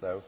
though.